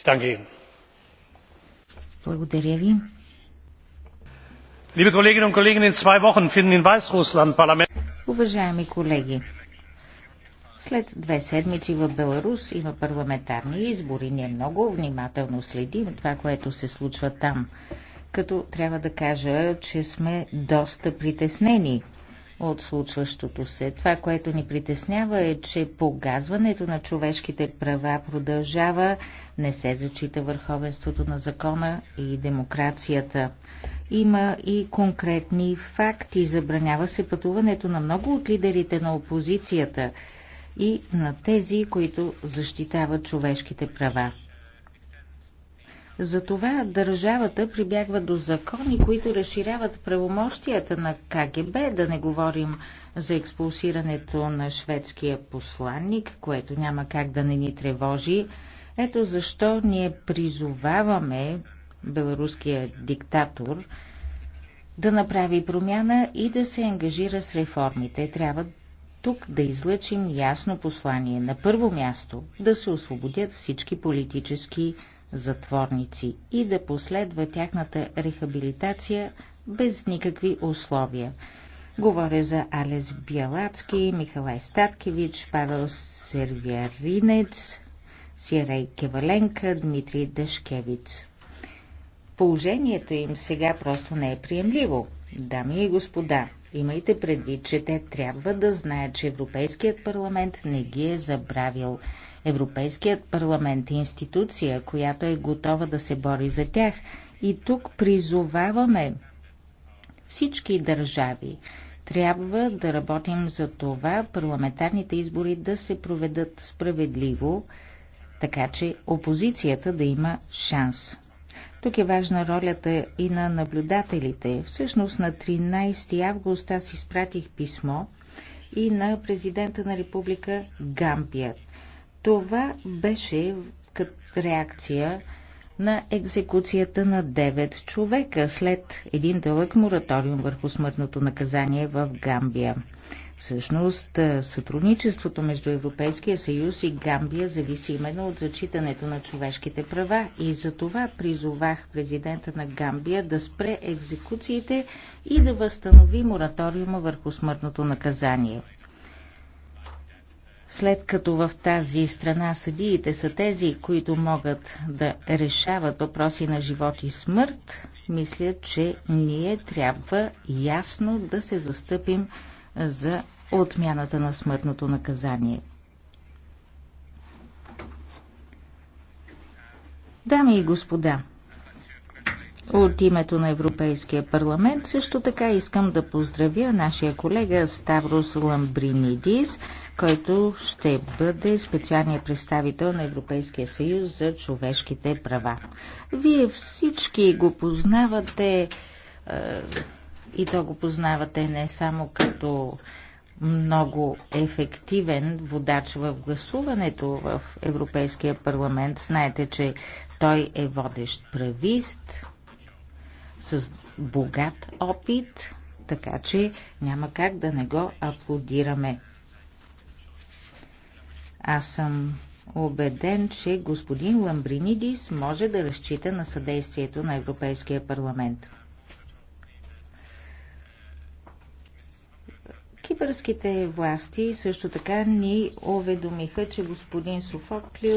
Ich danke Ihnen. Liebe Kolleginnen und Kollegen, in zwei Wochen finden in Weißrussland Parlament. Уважаеми колеги, след две седмици в Беларус има парламентарни избори. Ние много внимателно следим това, което се случва там. Като трябва да кажа, че сме доста притеснени от случващото се. Това, което ни притеснява е, че погазването на човешките права продължава, не се зачита върховенството на закона и демокрацията. Има и конкретни факти. Забранява се пътуването на много от лидерите на опозицията и на тези, които защитават човешките права. Затова държавата прибягва до закони, които разширяват правомощията на КГБ, да не говорим за експулсирането на шведския посланник, което няма как да не ни тревожи. Ето защо ние призоваваме беларуския диктатор да направи промяна и да се ангажира с реформите. Трябва тук да излъчим ясно послание. На първо място да се освободят всички политически затворници и да последва тяхната рехабилитация без никакви условия. Говоря за Алес Бялацки, Михалай Статкевич, Павел Сервяринец, Сирей Кеваленка, Дмитрий Дашкевиц. Положението им сега просто не е приемливо. Дами и господа, имайте предвид, че те трябва да знаят, че Европейският парламент не ги е забравил. Европейският парламент е институция, която е готова да се бори за тях. И тук призоваваме всички държави. Трябва да работим за това парламентарните избори да се проведат справедливо, така че опозицията да има шанс. Тук е важна ролята и на наблюдателите. Всъщност на 13 август аз изпратих писмо и на президента на република Гампия. Това беше реакция на екзекуцията на 9 човека след един дълъг мораториум върху смъртното наказание в Гамбия. Всъщност, сътрудничеството между Европейския съюз и Гамбия зависи именно от зачитането на човешките права и за това призовах президента на Гамбия да спре екзекуциите и да възстанови мораториума върху смъртното наказание. След като в тази страна съдиите са тези, които могат да решават въпроси на живот и смърт, мисля, че ние трябва ясно да се застъпим за отмяната на смъртното наказание. Дами и господа, от името на Европейския парламент също така искам да поздравя нашия колега Ставрос Ламбринидис, който ще бъде специалният представител на Европейския съюз за човешките права. Вие всички го познавате е, и то го познавате не само като много ефективен водач в гласуването в Европейския парламент. Знаете, че той е водещ правист, с богат опит, така че няма как да не го аплодираме. Аз съм убеден, че господин Ламбринидис може да разчита на съдействието на Европейския парламент. Кипърските власти също така ни уведомиха, че господин Софоклио